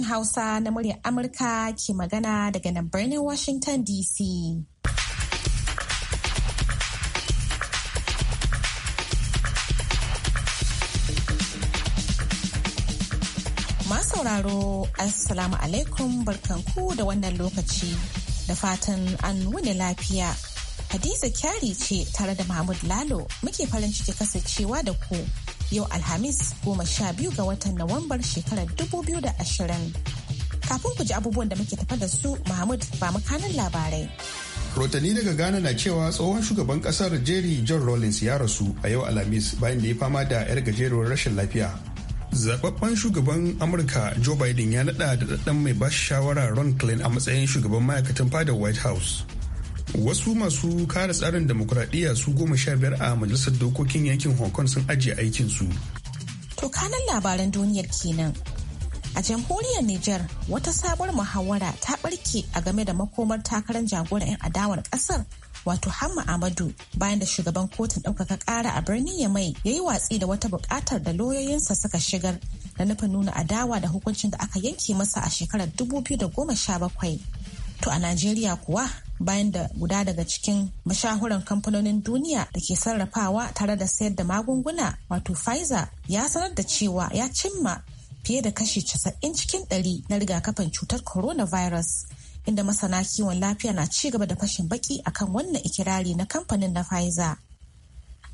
sashen Hausa na muryar Amurka ke magana daga nan birnin Washington DC. sauraro Assalamu alaikum barkanku da wannan lokaci da fatan an wuni lafiya. Hadiza kyari ce tare da Mahmud Lalo muke farin ciki kasancewa da ku. yau Alhamis goma sha biyu ga watan nawambar shekarar dubu biyu da ashirin. Kafin ku ji abubuwan da muke tafa da su Mahmud ba kanin labarai. Rotani daga Ghana na cewa tsohon shugaban kasar Jerry John rollins ya rasu a yau Alhamis bayan da ya fama da 'yar gajeruwar rashin lafiya. Zababben shugaban Amurka Joe Biden ya nada da dadan mai bashi shawara Ron Klein a matsayin shugaban ma'aikatan fadar White House. wasu masu kare tsarin demokuraɗiyya su goma sha biyar a majalisar dokokin yankin hong kong sun ajiye aikinsu to kanan labaran duniyar kenan a jamhuriyar niger wata sabuwar muhawara ta barke a game da makomar takarar jagoran 'yan adawar kasar wato hamma amadu bayan da shugaban kotun ɗaukaka ƙara a birnin mai ya yi watsi da wata buƙatar da lauyoyinsa suka shigar da nufin nuna adawa da hukuncin da aka yanke masa a shekarar 2017 to a najeriya kuwa bayan da guda daga cikin mashahuran kamfanonin duniya da ke sarrafawa tare da sayar da magunguna wato Pfizer ya sanar da cewa ya cimma fiye da kashi 90 cikin 100 na rigakafin cutar coronavirus inda masana kiwon lafiya na ci gaba da fashin baki akan wannan ikirari na kamfanin na Pfizer.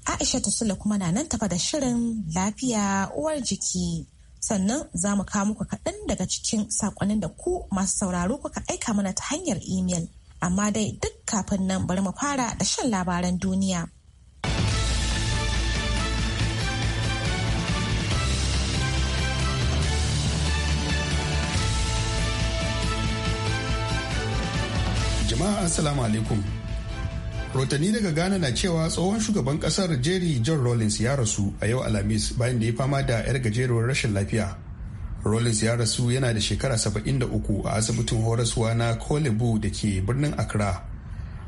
Aisha ta sula kuma na nan tafa da shirin lafiya uwar jiki. Sannan za mu kawo muku kaɗan daga cikin saƙonin da ku masu sauraro kuka aika mana ta hanyar imel. amma dai duk kafin nan bari mu fara da shan labaran duniya. jama'a assalamu alaikum rotani daga ghana na cewa tsohon shugaban kasar jerry john rawlings ya rasu a yau alhamis bayan da ya fama da 'yar gajeruwar rashin lafiya rollins ya rasu yana da shekara 73 a asibitin horaswa na kolebu da ke birnin accra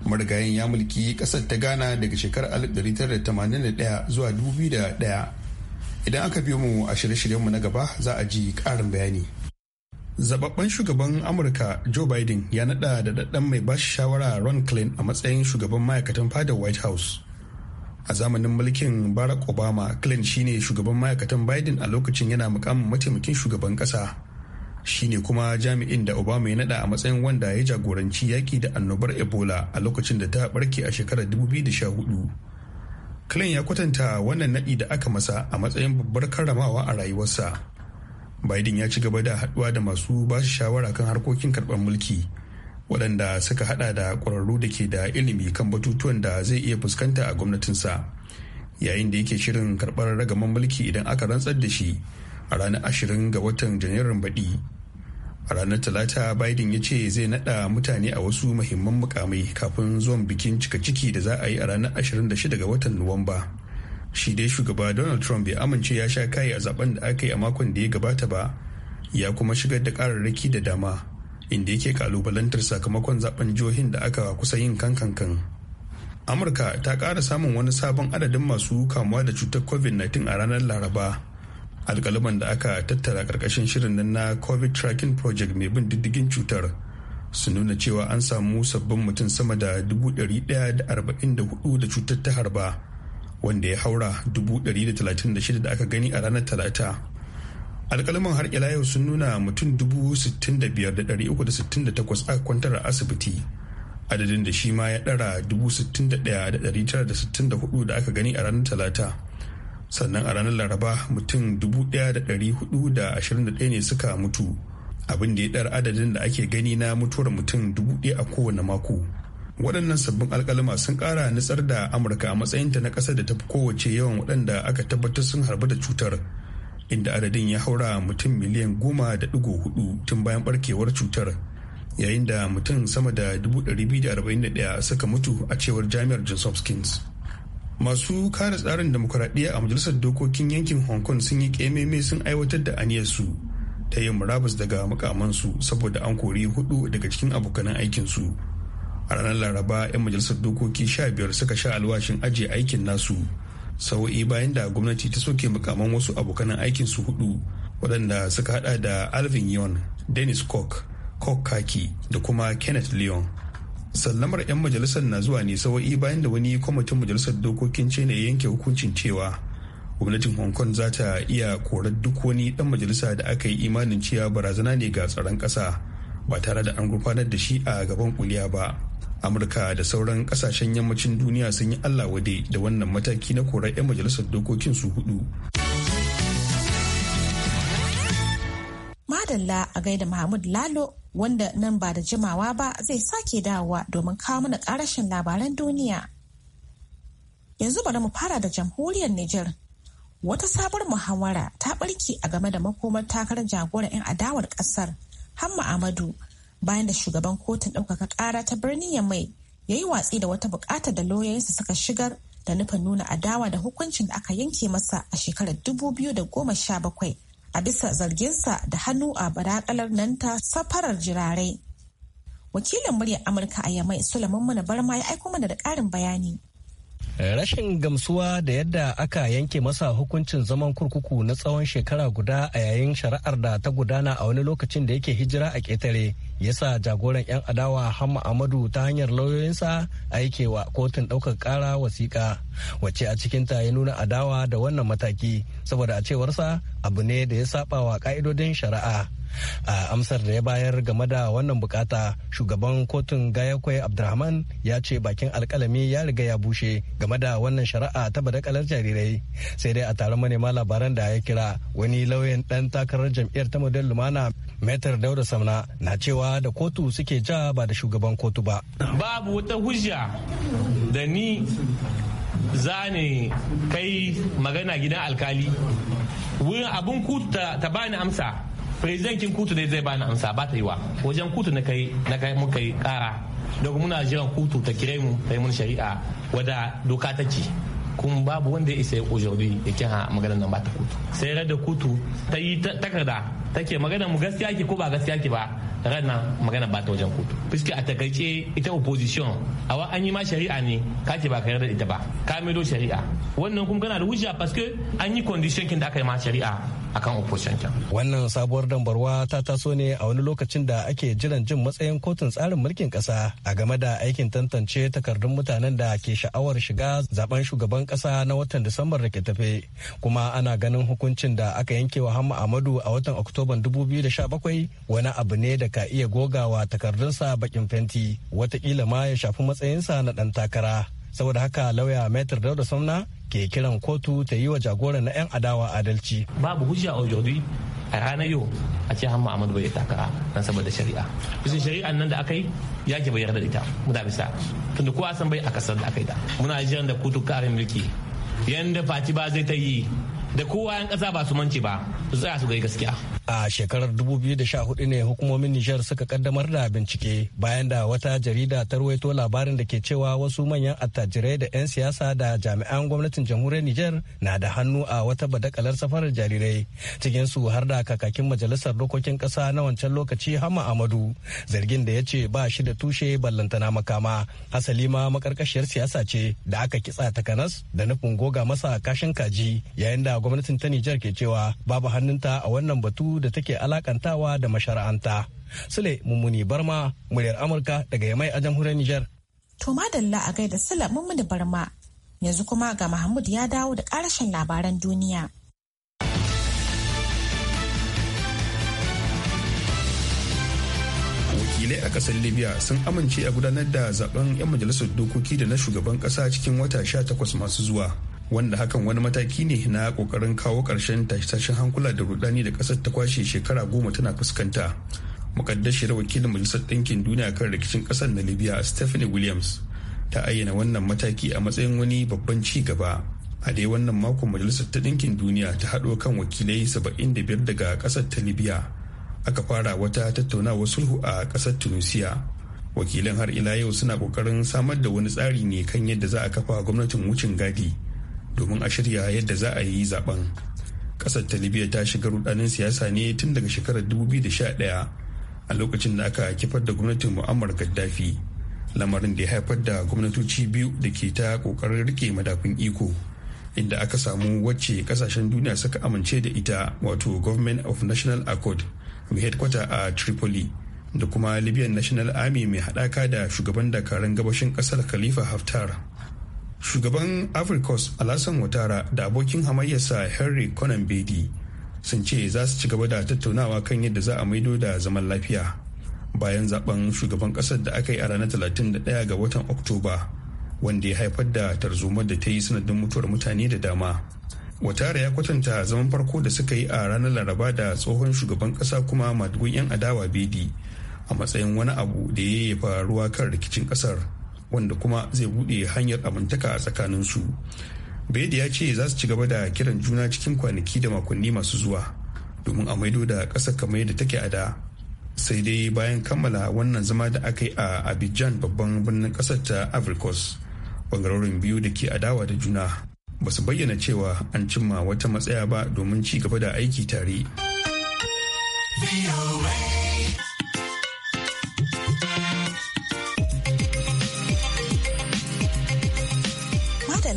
marigayin ya mulki kasar ta ghana daga shekarar 1981 zuwa 2001 idan aka biyo mu a shirye-shiryenmu na gaba za a ji ƙarin bayani zababben shugaban amurka joe biden ya nada da daddan mai bashi shawara ron klein a matsayin shugaban ma'aikatan fadar white house a zamanin mulkin barack obama clinton shine shugaban ma'aikatan biden a lokacin yana mukamin mataimakin shugaban kasa shine kuma jami'in da obama ya nada a matsayin wanda ya jagoranci yaki da annobar ebola a lokacin da ta barke a shekarar 2014 clinton ya kwatanta wannan nadi da aka masa a matsayin babbar karramawa a rayuwarsa biden ya ci gaba da haduwa da masu ba shawara kan harkokin karɓar mulki waɗanda suka hada da ƙwararru da ke da ilimi kan batutuwan da zai iya fuskanta a gwamnatinsa yayin da yake shirin karɓar ragaman mulki idan aka rantsar da shi a ranar ashirin ga watan janairun baɗi a ranar talata biden ya ce zai naɗa mutane a wasu mahimman mukamai kafin zuwan bikin cika ciki da za a yi a ranar 26 ga watan nuwamba shi dai shugaba donald trump bai amince ya sha kayi a zaben da aka yi a makon da ya gabata ba ya kuma shigar da kararraki da dama inda yake kalubalantar sakamakon zaben jihohin da aka kusa yin kankankan amurka ta ƙara samun wani sabon adadin masu kamuwa da cutar covid-19 a ranar laraba alkaliban da aka tattara ƙarƙashin shirin nan na covid tracking project mai bin diddigin cutar su nuna cewa an samu sabbin mutum sama da 144 da cutar ta harba wanda ya haura 136 da aka gani a ranar talata alkalaman har ila yau sun nuna mutum 65,368 aka kwantar a asibiti adadin da shi ma ya ɗara 61,964 da aka gani a ranar talata sannan a ranar laraba mutum 1,421 ne suka mutu abin da ya ɗara adadin da ake gani na mutuwar mutum 1,000 a kowane mako waɗannan sabbin alkalama sun ƙara nutsar da amurka a matsayinta na ƙasa da ta fi kowace yawan waɗanda aka tabbatar sun harbu da cutar inda adadin ya haura mutum miliyan goma da digo hudu tun bayan barkewar cutar yayin da mutum sama da da da arba'in 241 suka mutu a cewar jami'ar johns hopkins masu kare tsarin demokuraɗiyya a majalisar dokokin yankin hong kong sun yi kememe sun aiwatar da aniyarsu ta yin murabus daga mukamansu saboda an kori hudu daga cikin abokanan aikinsu a ranar laraba 'yan majalisar dokoki sha biyar suka sha alwashin ajiye aikin nasu sau'i bayan da gwamnati ta soke mukaman wasu abokan aikin su hudu waɗanda suka hada da alvin yon dennis cook cook kaki da kuma kenneth leon sallamar 'yan majalisar na zuwa ne sawa'i bayan da wani kwamitin majalisar dokokin china ya yanke hukuncin cewa gwamnatin hong kong za ta iya korar duk wani dan majalisa da aka yi imanin cewa barazana ne ga tsaron ƙasa ba tare da an gurfanar da shi a gaban kuliya ba amurka da sauran kasashen yammacin duniya sun yi allah wade da wannan mataki na korar 'yan majalisar dokokin su hudu madalla a gaida mahmud lalo wanda nan ba da jimawa ba zai sake dawowa domin kawo mana karashin labaran duniya yanzu bari mu fara da jamhuriyar niger wata sabuwar muhawara ta barke a game da makomar takarar jagoran 'yan adawar kasar hamma amadu bayan da shugaban kotun ɗaukaka ƙara ta birnin mai ya yi watsi da wata bukatar da lauyoyinsa suka shigar da nufin nuna adawa da hukuncin da aka yanke masa a shekarar 2017 a bisa zarginsa da hannu a barakalar nan ta safarar jirarai. Wakilin muryar Amurka a Yamai Sulaiman Mana Barma ya aiko mana da ƙarin bayani. Rashin gamsuwa da yadda aka yanke masa hukuncin zaman kurkuku na tsawon shekara guda a yayin shari'ar da ta gudana a wani lokacin da yake hijira a ƙetare ya sa jagoran 'yan adawa hamma amadu ta hanyar lauyoyinsa aikewa kotun ɗaukar kara wasiƙa wacce a ta ya nuna adawa da wannan mataki saboda a cewarsa abu ne da ya saba wa ƙa'idodin shari'a a amsar da ya bayar game da wannan bukata shugaban kotun gayakwai abdulrahman ya ce bakin alkalami ya riga ya bushe game da wannan shari'a ta badakalar jarirai sai dai a taron manema labaran da ya kira wani lauyan dan takarar jam'iyyar ta model lumana metar Dauda samna na cewa da kotu suke ja ba da shugaban kotu ba babu wata hujja da ni za ne kai magana gidan alkali wurin abin kutu ta bani amsa kin kutu ne zai bani amsa ba ta yi wa wajen kutu na kai na kai muka yi kara daga muna jiran kutu ta kire mu ta yi mun shari'a wada doka ta ce kuma babu wanda ya isa ya ojobi ya kira maganar nan ba ta kutu sai rada kutu ta yi takarda take magana mu gaskiya ki ko ba gaskiya ki ba ranar magana ba ta wajen kotu fuska a takaice ita opposition a an yi ma shari'a ne ka ke ba ka yarda ita ba ka do shari'a wannan kuma kana da hujja paske an yi condition kin da aka yi ma shari'a akan opposition kin wannan sabuwar dambarwa ta taso ne a wani lokacin da ake jiran jin matsayin kotun tsarin mulkin kasa a game da aikin tantance takardun mutanen da ke sha'awar shiga zaben shugaban kasa na watan disambar da ke tafe kuma ana ganin hukuncin da aka yanke wa hamma ahmadu a watan oktoba Oktoban 2017 wani abu ne da ka iya gogawa takardunsa bakin fenti watakila ma ya shafi matsayinsa na ɗan takara. Saboda haka lauya Metar Dauda Samna ke kiran kotu ta yi wa jagora na 'yan adawa adalci. Babu hujja a aujourd'hui a ranar yau a ce hamma Ahmadu bai takara don saboda shari'a bisa shari'an nan da aka yi ya ke bayar da ita muna bisa tunda kowa san bai a kasar da aka yi ta muna jiran da kotu karin mulki yanda fati ba zai ta yi da kowa yan kasa ba su manci ba su tsaya su gai gaskiya a shekarar 2014 ne hukumomin nijar suka kaddamar da bincike bayan da wata jarida ta ruwaito labarin da ke cewa wasu manyan attajirai da 'yan siyasa da jami'an gwamnatin jamhuriyar nijar na da hannu a wata badakalar safarar jarirai cikin su har da kakakin majalisar dokokin kasa na wancan lokaci hama amadu zargin da ya ce ba shi da tushe ballantana makama asali ma makarkashiyar siyasa ce da aka kitsa takanas da nufin goga masa kashin kaji yayin da gwamnatin ta Nijar ke cewa babu hannunta a wannan batu da take alakantawa da mashara'anta. Sule Mummuni Barma, muryar Amurka daga Yamai a jamhuriyar Nijar. To madalla a gaida Sule Mummuni Barma, yanzu kuma ga Mahmud ya dawo da ƙarashin labaran duniya. wakilai a kasar libya sun amince a gudanar da zaben 'yan majalisar dokoki da na shugaban kasa cikin wata 18 masu zuwa wanda hakan wani mataki ne na kokarin kawo ƙarshen tashe-tashen hankula da rudani da kasar ta kwashe shekara goma tana fuskanta mukaddashi da wakilin majalisar ɗinkin duniya kan rikicin ƙasar na libya stephanie williams ta ayyana wannan mataki a matsayin wani babban ci gaba a dai wannan makon majalisar ta ɗinkin duniya ta haɗo kan wakilai 75 daga ƙasar ta libya aka fara wata tattaunawa sulhu a ƙasar tunisia wakilan har ila yau suna kokarin samar da wani tsari ne kan yadda za a kafa gwamnatin wucin gadi domin a shirya yadda za a yi zaben Ƙasar ta libya ta shiga rudanin siyasa ne tun daga shekarar 2011 a lokacin da aka kifar da gwamnatin mu'ammar gaddafi lamarin da ya haifar da gwamnatoci biyu da ke ta ƙoƙarin rike madafin iko inda aka samu wacce ƙasashen duniya suka amince da ita wato government of national accord mai headquarter a tripoli da kuma libyan national army mai haɗaka da shugaban dakarun gabashin ƙasar khalifa haftar shugaban africos alasan watara da abokin hamayyarsa henry conan bedi sun ce za su ci gaba da tattaunawa kan yadda za a maido da zaman lafiya bayan zaben shugaban kasar da aka yi a ranar 31 ga watan oktoba wanda ya haifar da tarzomar da ta yi sanadin mutuwar mutane da dama watara ya kwatanta zaman farko da suka yi a ranar laraba da tsohon shugaban kasa kuma madugun 'yan adawa bedi a matsayin wani abu da ya yi faruwa kan rikicin kasar wanda kuma zai bude hanyar amintaka a tsakanin su. bedi ya ce za su ci gaba da kiran juna cikin kwanaki da makonni masu zuwa domin a maido da ƙasar kamar yadda take a da sai dai bayan kammala wannan zama da aka yi a abidjan babban birnin ƙasar ta africos bangarorin biyu da ke adawa da juna ba su bayyana cewa an cimma wata matsaya ba domin ci gaba da aiki tare.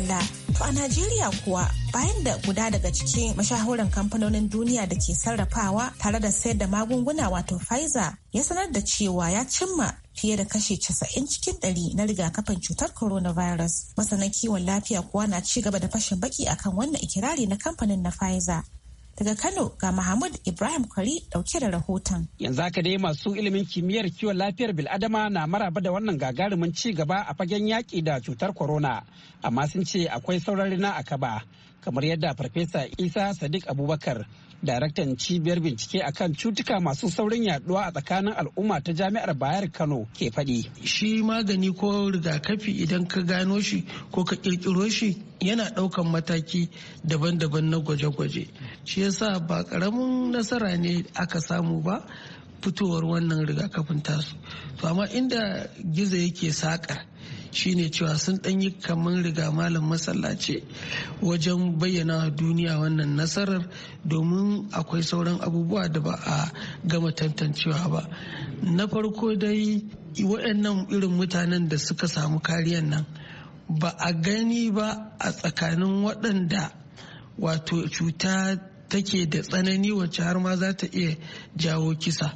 Allah. To a Najeriya kuwa bayan da guda daga cikin mashahuran kamfanonin duniya da ke sarrafawa tare da sayar da magunguna wato Pfizer ya sanar da cewa ya cimma fiye da kashe 90 cikin ɗari na rigakafin cutar coronavirus. Masana kiwon lafiya kuwa na ci gaba da fashin baki akan wannan ikirari na kamfanin na Pfizer. Daga Kano ga Mahmud Ibrahim Kwari dauke da rahoton. Yanzu haka dai masu ilimin kimiyyar kiwon lafiyar bil'adama na maraba da wannan gagarumin ci gaba a fagen yaƙi da cutar corona, amma sun ce akwai sauran rina a kaba, kamar yadda Farfesa Isa Sadiq Abubakar daraktan cibiyar bincike akan cutuka masu saurin yaduwa a tsakanin al'umma ta jami'ar bayar kano ke faɗi. shi magani ko rigakafi idan ka gano shi ko ka kirkiro shi yana ɗaukan mataki daban-daban na gwaje-gwaje shi yasa ba ƙaramin nasara ne aka samu ba fitowar wannan rigakafin tasu to amma inda gizo yake saƙa shine cewa sun ɗan yi kamar riga malam masallaci wajen bayyana duniya wannan nasarar domin akwai sauran abubuwa da ba a gama tantancewa ba na farko dai waɗannan irin mutanen da suka samu kariyan nan ba a gani ba a tsakanin waɗanda wato cuta take da tsanani wacce har ma za ta iya jawo kisa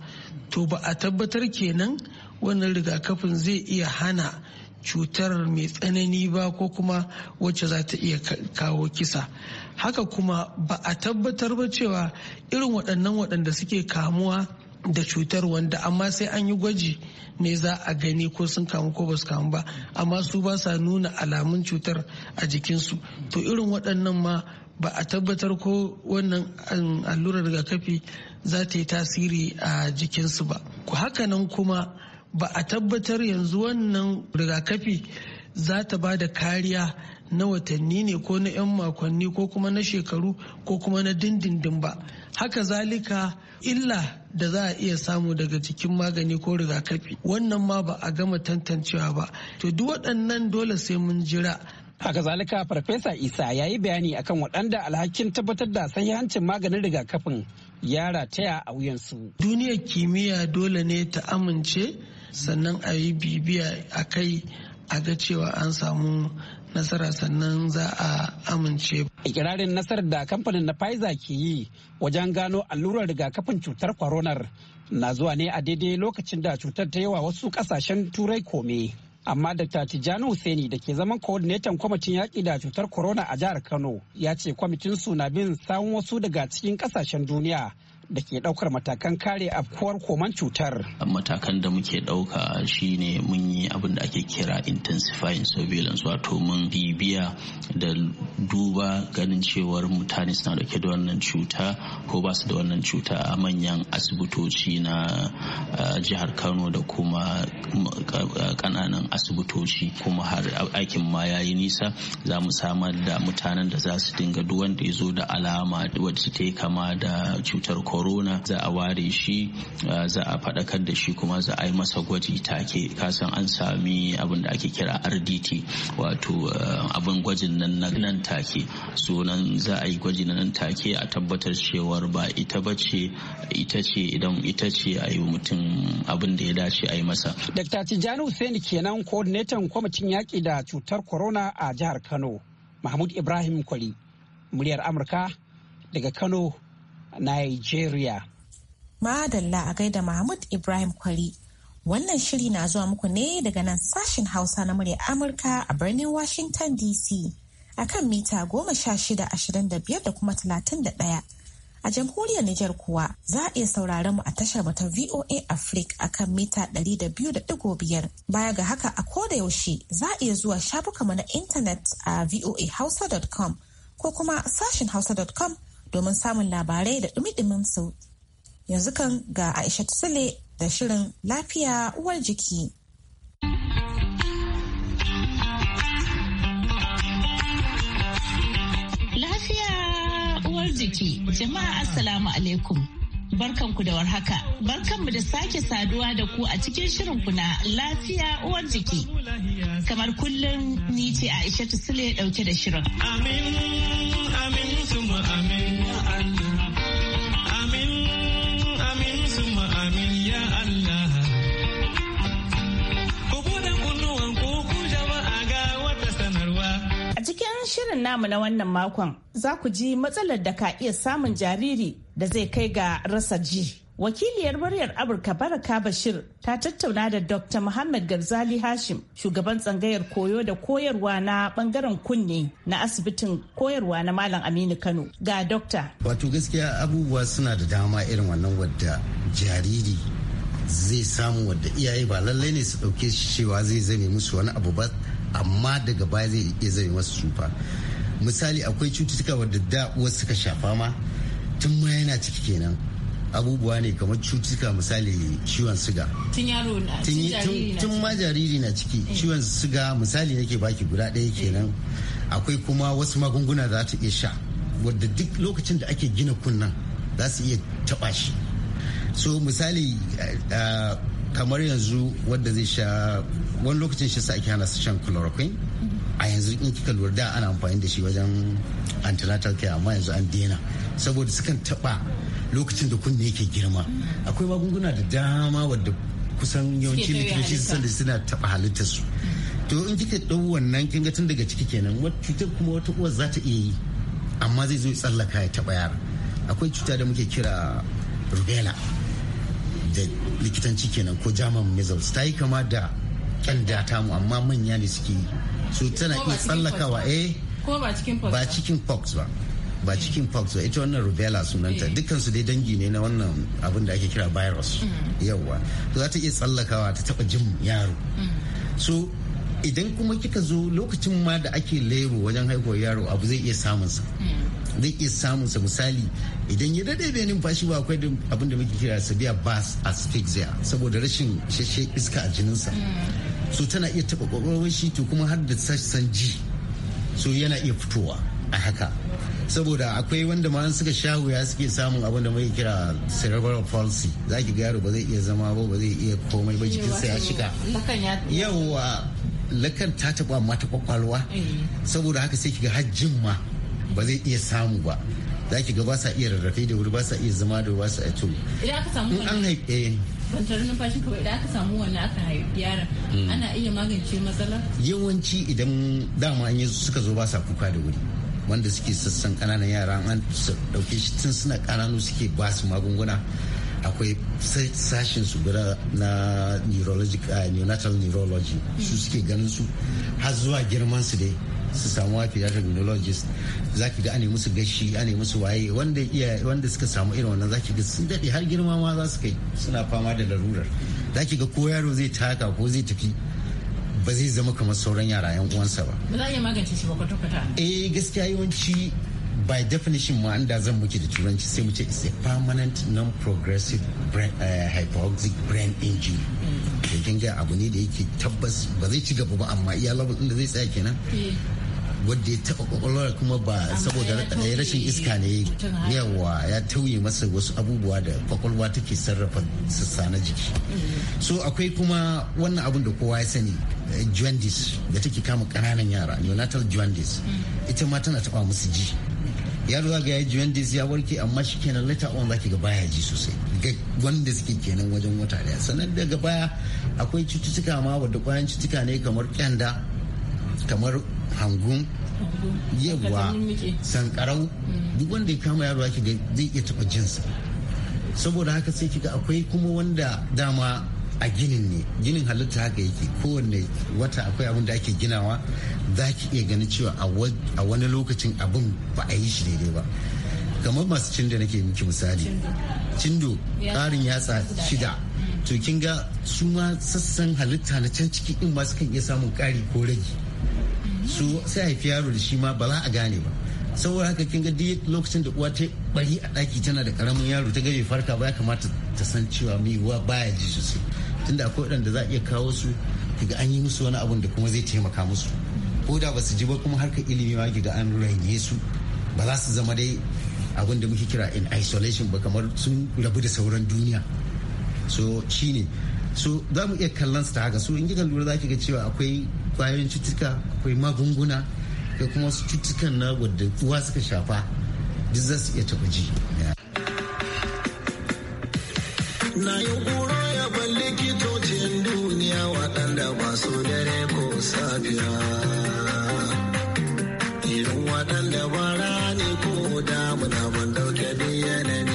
to ba a tabbatar kenan wannan rigakafin zai iya hana cutar mai tsanani ba ko kuma wacce za ta iya kawo kisa haka kuma ba a tabbatar ba cewa irin waɗannan waɗanda suke kamuwa da cutar wanda amma sai an yi gwaji ne za a gani ko sun kamu ko basu kamu ba amma su ba sa nuna alamun cutar a jikinsu to irin waɗannan ma ba a tabbatar ko wannan um, allurar rigakafi za ta yi tasiri a jikinsu ba ku haka nan kuma ba a tabbatar yanzu wannan rigakafi za ta ba da kariya na watanni ne ko na 'yan makonni ko kuma na shekaru ko kuma na dindindin ba haka zalika illa da za a iya samu daga jikin magani ko rigakafi wannan ma ba a gama tantancewa ba to duk waɗannan dole sai mun jira haka zalika farfesa isa ya yi bayani akan waɗanda alhakin tabbatar da hancin maganin rigakafin yara taya a wuyansu duniyar kimiyya dole ne ta amince sannan a yi bibiya a kai a ga cewa an samu nasara sannan za a amince. Ikirarin nasarar da kamfanin na Pfizer ke yi wajen gano allurar rigakafin cutar koronar na zuwa ne a daidai lokacin da cutar ta yawa wasu kasashen turai kome. Amma Dr. Tijjani Hussaini da ke zaman coordinator kwamitin yaƙi da cutar corona a jihar Kano ya ce kwamitin su na bin samun wasu daga cikin kasashen duniya da ke daukar matakan kare afkuwar koman cutar. Matakan da muke dauka shine mun yi abin da ake kira intensifying surveillance wato mun bibiya da duba ganin cewar mutane suna dauke da wannan cuta ko ba su da wannan cuta a manyan asibitoci na jihar Kano da kuma kananan asibitoci kuma har aikin ma ya yi nisa za mu samar da mutanen da za su dinga duwanda ya zo da alama wadda ta kama da cutar corona corona za a ware shi za a faɗakar da shi kuma za a yi masa gwaji take kasan an sami abin da ake kira rdt wato abin gwajin nan nan take sunan za a yi gwaji nan take a tabbatar cewar ba ita ba ce ita ce idan ita ce a yi mutum abin da ya dace a yi masa. Dr. Tijjani Hussein kenan coordinator kwamitin yaƙi da cutar corona a jihar Kano. Mahmud Ibrahim Kwali, muryar Amurka daga Kano, Nigeria. Madalla a gaida Mahmud Ibrahim Kwari. Wannan shiri na zuwa muku ne daga nan sashen Hausa na murya Amurka a birnin Washington DC a kan mita goma sha shida ashirin da biyar da kuma talatin da ɗaya. A jamhuriyar Nijar kuwa za a iya sauraron mu a tashar mu VOA Africa a kan mita ɗari da biyu da ɗigo biyar. Baya ga haka a koda yaushe za a iya zuwa shafukanmu na intanet a voahausa.com ko kuma sashen hausa.com domin samun labarai da dumi su. Yanzu kan ga Aisha Sule da shirin lafiya uwar jiki. Lafiya uwar jiki, jama'a Assalamu alaikum. Barkanku da warhaka, barkanmu da sake saduwa da ku a cikin shirin na lafiya uwar jiki. Kamar kullum ni ce Aisha Sule dauke da shirin. Amin, amin, amin. shirin namu na wannan makon za ku ji matsalar da ka iya samun jariri da zai kai ga rasa ji. Wakiliyar muryar Amurka Baraka Bashir ta tattauna da Dr. Muhammad Garzali Hashim, shugaban tsangayar koyo da koyarwa na bangaren kunne na asibitin koyarwa na Malam Aminu Kano ga Dokta. Wato gaskiya abubuwa suna da dama irin wannan wadda jariri zai samu wadda iyaye ba lallai ne su ɗauke shi cewa zai zame musu wani abu ba amma daga baya zai iya zai masu tsufa misali akwai cututtuka wadda da wasu suka shafa ma tun ma yana ciki kenan abubuwa ne kamar cututtuka misali ciwon suga tun ma jariri na ciki eh. ciwon suga misali nake baki guda ɗaya kenan eh. akwai kuma wasu magunguna za ta iya sha wadda duk lokacin da ake gina kunnan za su iya taɓa shi so misali eh, kamar yanzu wadda zai sha wani lokacin shi sa ake hana su shan chloroquine a yanzu in kika lura da ana amfani da shi wajen antenatal care amma yanzu an dena saboda sukan taba lokacin da kunne yake girma akwai magunguna da dama wadda kusan yawanci likitoci sun da suna taba halittar su to in kika dau wannan kin tun daga ciki kenan wata kuma wata uwar za ta iya yi amma zai zo ya tsallaka ya taba yara akwai cuta da muke kira rubella da likitanci kenan ko german measles ta yi kama da kyanda ta mu amma manya ne suke yi su tana iya tsallakawa eh ba cikin pox eh? ba ba cikin pox eh. ba ita wannan rubella sunanta eh. dukansu dai dangi ne na wannan abin da ake kira virus mm. yawwa to za ta iya tsallakawa ta taba jin yaro mm. so idan kuma kika zo lokacin ma da ake lebo wajen haihuwar yaro abu zai iya samunsa mm. zai iya samunsa misali idan ya dade bai numfashi ba akwai abin da muke kira severe bas asphyxia saboda rashin isasshen iska a jininsa mm. so tana iya taba kwakwalwar shi to kuma har da sassan ji so yana iya fitowa a haka saboda akwai wanda ma suka sha wuya suke samun abin da muke kira cerebral palsy za ki ga yaro ba zai iya zama ba ba zai iya komai ba jikinsa ya shiga eh, yawa lakan ta taba mata kwakwalwa eh. saboda haka sai ki ga har jin ma ba zai iya samu ba za ki ga ba sa iya rarrafe da wuri ba sa iya zama da ba sa to idan aka samu an haife eh. ban tarin numfashi kawai idan aka samu wannan aka haifi yaron hmm. ana iya magance matsala yawanci idan dama an yi suka zo ba sa kuka da wuri wanda suke sassan kananan yara an dauke shi tun suna kananu suke ba su magunguna akwai sashen su guda na neurological ah, neonatal neurology su suke ganin su har zuwa girman su dai su samu wafi ya criminologist za ki ga ane musu gashi ane musu waye wanda iya wanda suka samu irin wannan za ki ga sun daɗe har girma ma za su kai suna fama da larurar za ki ga ko yaro zai taka ko zai tafi ba zai zama kamar sauran yara yan uwansa ba. Ba za a iya magance shi ba kwata-kwata. Eh gaskiya yawanci by definition ma da zan muke da turanci sai mu ce is a permanent non-progressive brain, uh, hypoxic brain injury da mm. kin abu ne da yake tabbas ba zai ci gaba ba amma iya labar da zai tsaya kenan eh. wadda ya taɓa kwakwalwar kuma ba saboda rashin iska ne yawa ya tauye masa wasu abubuwa da kwakwalwa take sarrafa sassa na jiki mm-hmm. so akwai kuma wannan abin da kowa ya sani eh, jaundice da take kama ƙananan yara neonatal jaundice mm-hmm. ita ma tana taɓa musu ji yaro ruwa ga ya jaundice ya warke amma shi kenan later on za ki ga baya ji sosai ga wanda suke kenan wajen wata daya sannan daga baya akwai cututtuka ma wadda kwayan cututtuka ne kamar kyanda kamar hangun yawa sankarau mm. duk wanda ya kama yaro ake ga zai iya taba jinsa saboda haka sai kiga akwai kuma wanda dama a ginin ne ginin halitta haka yake kowanne wata akwai abin da ake ginawa za ki iya ganin cewa a wani lokacin abin ba a yi shi daidai ba kamar masu cindo nake miki misali cindo karin yatsa shida mm. to kin ga su ma sassan halitta na can ciki in ma sukan iya samun kari ko rage su sai haifi yaro da shi ma ba za a gane ba saboda haka kin ga duk lokacin da uwa ta bari a daki tana da karamin yaro ta gabe farka ba ya kamata ta san cewa mai uwa baya ji sosai tunda akwai waɗanda za a iya kawo su ga an yi musu wani abun da kuma zai taimaka musu ko da ba su ji ba kuma harkar ilimi ma ga an raine su ba za su zama dai abun da muke kira in isolation ba kamar sun rabu da sauran duniya so shine so za mu iya kallon su ta haka so in kika lura za ki ga cewa akwai kwayoyin cutuka akwai magunguna da kuma wasu cutukan na wadda uwa suka shafa duk za su iya taɓa ji. Na yi kura ya ban likitocin duniya waɗanda ba su dare ko safiya. Irin waɗanda ba rani ko damuna ban ɗauke da yanayi.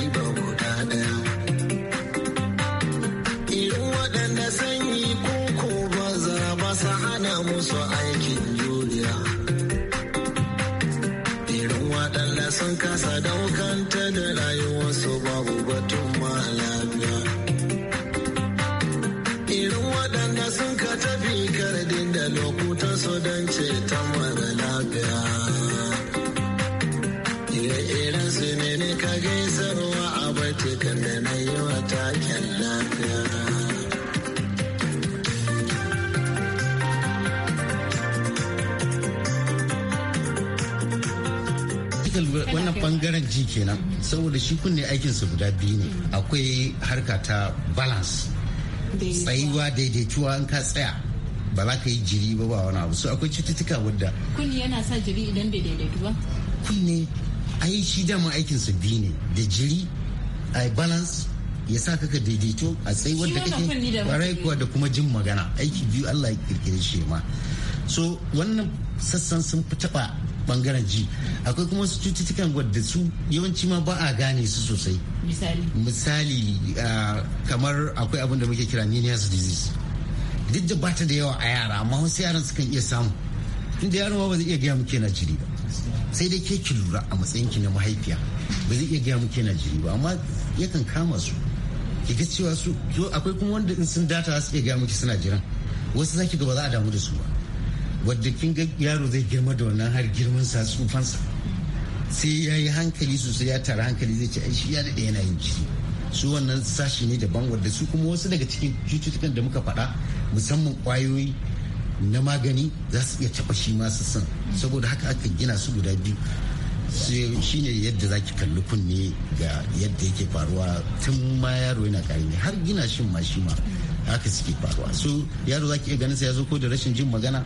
waɗanda sun kasa daukanta da rayuwarsu babu batun ma bangaren ji kenan saboda shi kunne aikin su guda biyu ne akwai harka ta balance tsayuwa daidaituwa in ka tsaya ba za ka yi jiri ba ba wani abu so akwai cututtuka wadda kunne yana sa jiri idan bai daidaitu ba kunne ai shi dama aikin su biyu ne da jiri a balance ya sa kaka daidaito a tsayuwar da kake kwarai kuwa da kuma jin magana aiki biyu Allah ya kirkire shi ma so wannan sassan sun fi taba bangaren ji akwai kuma su cututtukan wadda su yawanci ma ba a gane su sosai misali kamar akwai abin da muke kira menias disease duk da bata da yawa a yara amma wasu yaran sukan iya samu inda yaron ba zai iya gaya muke na jiri ba sai dai ke ki lura a matsayin ki na mahaifiya ba zai iya gaya muke na jiri ba amma yakan kama su ki ga cewa su akwai kuma wanda in sun data su iya gaya muke suna jiran wasu zaki ga ba za a damu da su ba wadda kin ga yaro zai girma da wannan har girman sa tsufansa sai ya yi hankali sosai ya tara hankali zai ce ai shi ya da yana yin jiri su wannan sashi ne daban wadda su kuma wasu daga cikin cututtukan da muka faɗa musamman kwayoyi na magani za su iya taɓa shi masu san saboda haka aka gina su guda biyu shi ne yadda za ki kalli kunne ga yadda yake faruwa tun ma yaro yana karami har gina shin ma shi ma haka suke faruwa so yaro za ki iya ganin sa ya zo ko da rashin jin magana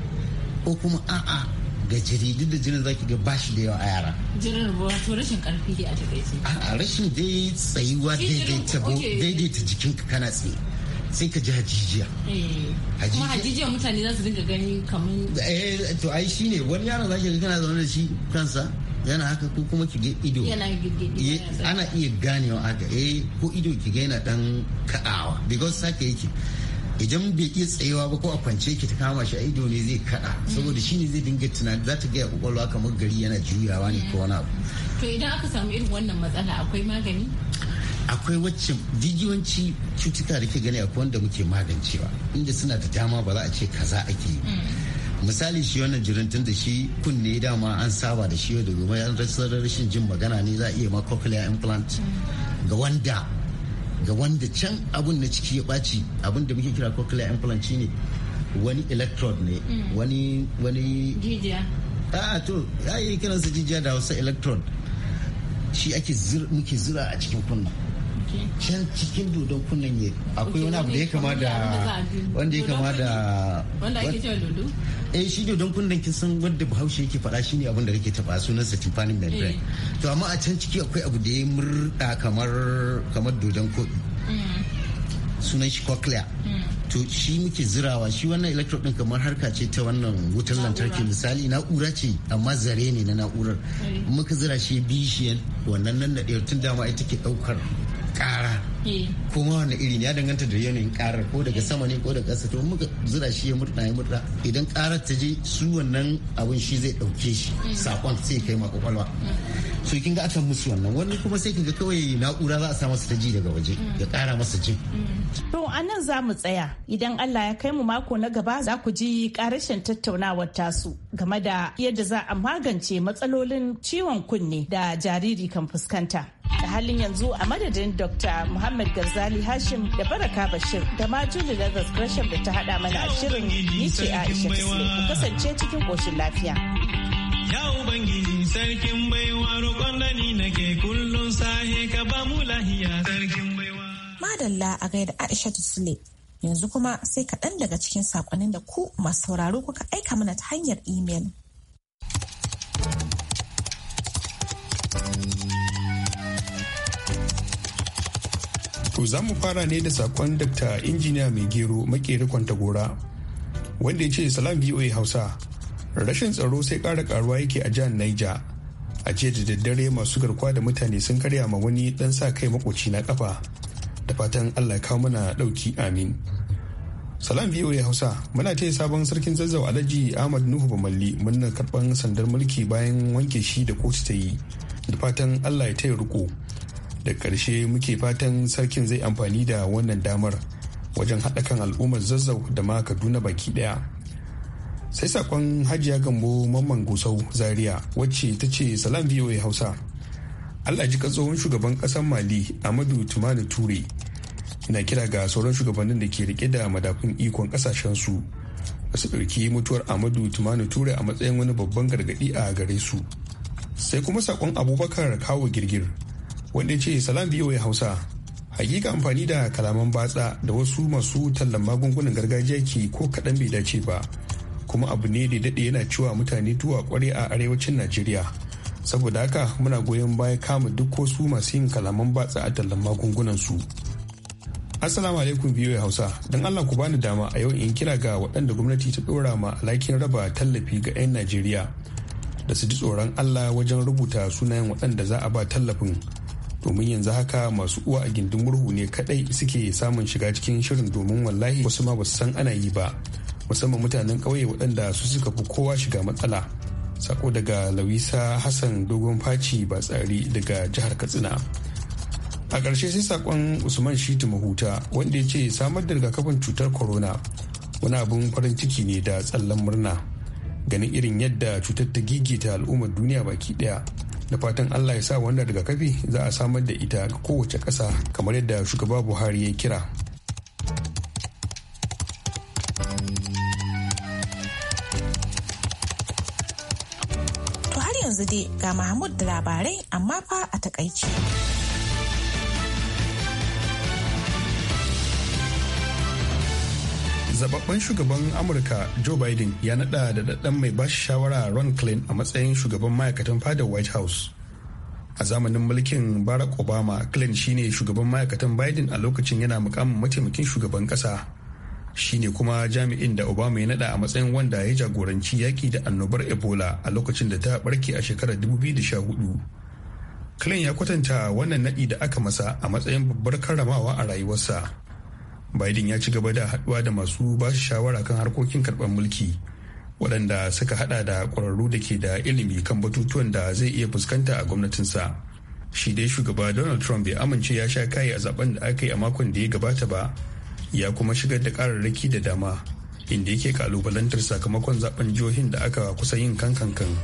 ko kuma a'a ga jaridu da jinin zaki ga bashi da yawa a yara. Jinin to rashin karfi ne a takaice. A rashin dai tsayuwa daidaita jikinka kana tsaye. sai ka ji hajijiya. Eh, kuma hajijiya mutane za su dinga gani kamar. Eh to ai ne wani yaron za ga kana zaune da shi kansa yana haka ko kuma ki ga ido eh, ana iya ganewa haka eh ko ido ki ga yana dan kadawa because sake yake idan bai iya tsayewa ba ko a kwance ki ta kama shi a ido ne zai kada saboda shine zai dinga tunani za ta gaya kwakwalwa kamar gari yana juyawa ne ko wani abu to idan aka samu irin wannan matsala akwai magani akwai wacce jijiyoyin cutuka da ke gani akwai wanda muke magancewa inda suna da dama ba za a ce kaza ake yi mm. misali shi wannan jirintun da shi kunne dama an saba da shi yau da gobe an rashin jin magana ne za a iya ma cochlear implant mm. ga wanda ga wanda can abun na ciki ya ɓaci abun da muke kira cochlear implant ne wani electrode ne mm. wani wani jijiya a to ya yi kiransa jijiya da hausa electrode shi ake muke zira a cikin kunna can cikin dodon kunnen ne akwai wani abu da ya kama da wanda ya kama da wanda ake cewa dodo eh shi dodon kunnen kin san wanda bahaushe yake faɗa shine abin da kake taba sunan sa timpani membrane eh. to amma a can ciki akwai abu da ya murda kamar kamar dodon koɗi mm. sunan shi cochlea mm. to shi muke zirawa shi wannan electrode din kamar harka ce ta wannan wutar lantarki misali na'ura ce amma zare ne na na'urar eh. muka zira shi bishiyan wannan nan da tun dama ita ke ɗaukar. ƙara e. kuma wani iri ya danganta da yanayin karar ko daga sama ne ko daga to muka zira shi ya murna ya murna idan karar ta je su wannan abin shi zai ɗauke shi e. sakon sai kai ma e. so kin ga aka musu wannan wani kuma sai kin kawai na'ura za a sa masa ta ji daga waje ya ƙara masa jin. to a nan za mu tsaya idan Allah ya kai mu mako na gaba za ku ji karashen tattaunawar tasu game da yadda za a magance matsalolin ciwon kunne da jariri kan fuskanta. da halin yanzu a madadin Dr. Muhammad Garzali Hashim da Baraka Bashir da ma Julie Lazarus Gresham da ta hada mana a shirin ni ce Aisha Tisle ku kasance cikin koshin lafiya. Ya Ubangiji sarkin baiwa roƙon da ni nake kullum sahe ka ba mu lahiya sarkin baiwa. Madalla a gaida Aisha Tisle yanzu kuma sai kaɗan daga cikin saƙonin da ku masu sauraro kuka aika mana ta hanyar imel. To za mu fara ne da sakon Dr. Injiniya Mai Gero Makeri Kwantagora wanda ya ce salam VOA Hausa. Rashin tsaro sai ƙara ƙaruwa yake a jihar Niger. A jiya da daddare masu garkuwa da mutane sun karya ma wani ɗan sa kai makoci na ƙafa. Da fatan Allah ya kawo mana ɗauki amin. Salam VOA Hausa muna ce sabon sarkin zazzau Alhaji Ahmad Nuhu Bamalli muna karɓar sandar mulki bayan wanke shi da kotu ta yi. Da fatan Allah ya taya riko. da ƙarshe muke fatan sarkin zai amfani da wannan damar wajen haɗa kan al'ummar zazzau da ma kaduna baki ɗaya sai sakon hajiya gambo mamman gusau zaria wacce ta ce salam voa hausa allah ji tsohon shugaban ƙasar mali amadu tumani ture na kira ga sauran shugabannin da ke rike da madafun ikon ƙasashensu su su ɗauki mutuwar amadu tumani ture a matsayin wani babban gargaɗi a gare su sai kuma sakon abubakar kawo girgir wanda ce salam ya hausa hakika amfani da kalaman batsa da wasu masu tallan magungunan gargajiya ke ko kaɗan bai dace ba kuma abu ne da daɗe yana cewa mutane tuwa kware a arewacin najeriya saboda haka muna goyon baya kama duk wasu masu yin kalaman batsa a tallan magungunan su assalamu alaikum ya hausa don allah ku bani dama a yau in kira ga waɗanda gwamnati ta ɗora ma alhakin raba tallafi ga 'yan najeriya da su ji tsoron allah wajen rubuta sunayen waɗanda za a ba tallafin domin yanzu haka masu uwa a gindin murhu ne kadai suke samun shiga cikin shirin domin wallahi wasu ma basu san ana yi ba musamman mutanen ƙauye waɗanda su suka fi kowa shiga matsala sako daga lawisa hassan dogon faci ba tsari daga jihar katsina a ƙarshe sai sakon usman shitu mahuta wanda ya ce samar da rigakafin cutar corona wani abin farin ciki ne da tsallan murna ganin irin yadda cutar ta gigita al'ummar duniya baki ɗaya. da fatan allah ya sa wannan kafi za a samar da ita ga kowace ƙasa kamar yadda shugaba buhari ya kira to har yanzu dai ga mahmud da labarai amma fa a taƙaice. zababben shugaban amurka joe biden ya nada da daddan mai bashi shawara ron klein a matsayin shugaban ma'aikatan fadar white house a zamanin mulkin barack obama klein shine shugaban ma'aikatan biden a lokacin yana mukamin mataimakin shugaban kasa shine kuma jami'in da obama ya nada a matsayin wanda ya jagoranci yaki da annobar ebola a lokacin da ta barke a shekarar 2014 klein ya kwatanta wannan nadi da aka masa a matsayin babbar karramawa a rayuwarsa biden ya ci gaba da haɗuwa da masu ba shi shawara kan harkokin karɓar mulki waɗanda suka haɗa da ƙwararru da ke da ilimi kan batutuwan da zai iya fuskanta a gwamnatinsa shi dai shugaba donald trump bai amince ya sha kayi a zaben da aka yi a makon da ya gabata ba ya kuma shigar da ƙararraki da dama inda yake kalubalantar sakamakon zaben jihohin da aka kusa yin kankankan. kan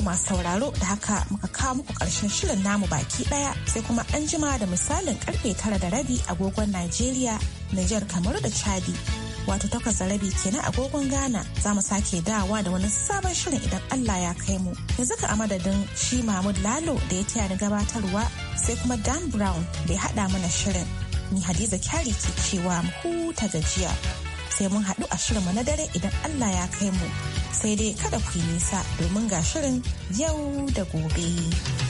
yau masu sauraro da haka muka kawo muku karshen shirin namu baki daya sai kuma an jima da misalin karfe tara da rabi agogon Najeriya, niger kamar da Chadi. Wato takwas da rabi kenan agogon Ghana za mu sake dawa da wani sabon shirin idan Allah ya kai mu. Yanzu ka a madadin shi Mahmud Lalo da ya taya ni gabatarwa sai kuma Dan Brown da ya haɗa mana shirin. Ni Hadiza Kyari ke cewa mu huta gajiya. sai mun haɗu a shirinmu na dare idan Allah ya kai mu sai dai kada ku yi nisa domin ga shirin yau da gobe.